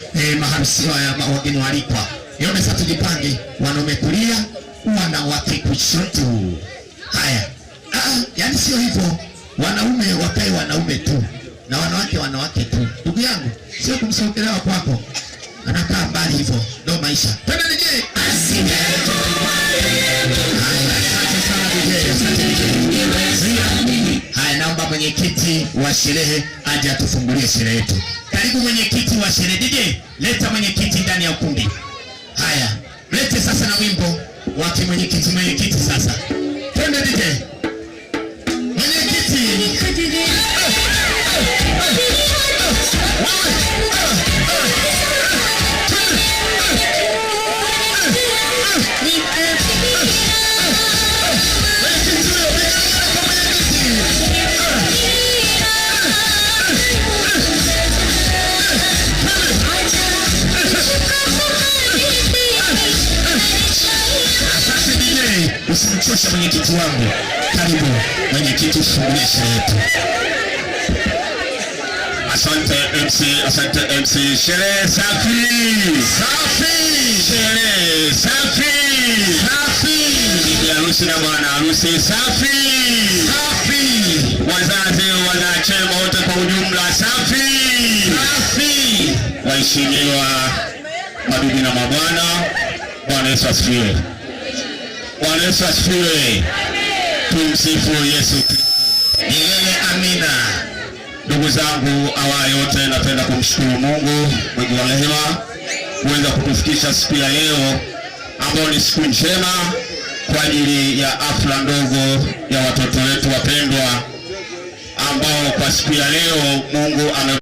eh, mahamsiwa ya wageni walikwa. Niombe sasa tujipange, wanaume kulia, wanawake kushoto. Haya, ah, ah, yani sio hivyo, wanaume wakae wanaume tu na wanawake wanawake tu. Ndugu yangu, sio kumsogelewa kwako, anakaa mbali hivyo, ndio maisha. Twende nije Haya, naomba mwenyekiti wa sherehe aje atufungulie sherehe yetu. Karibu mwenyekiti wa sherehe. DJ, leta mwenyekiti ndani ya ukumbi. Haya, mlete sasa na wimbo wake mwenyekiti. Mwenyekiti sasa, twende DJ. Umenichosha mwenyekiti wangu. Karibu mwenyekiti, ufungulie sherehe yetu. Asante MC, asante MC. Sherehe safi, safi. Sherehe safi, safi. Bibi harusi na bwana harusi safi, safi. Wazazi wanachema wote kwa ujumla safi, safi. Waheshimiwa mabibi na mabwana, Bwana Yesu asifiwe. Bwana Yesu asifiwe. Tumsifu Yesu Kristo. Milele amina. Ndugu zangu, awali yote napenda kumshukuru Mungu mwingi wa rehema kuweza kutufikisha siku ya leo ambayo ni siku njema kwa ajili ya afla ndogo ya watoto wetu wapendwa ambao kwa siku ya leo Mungu ame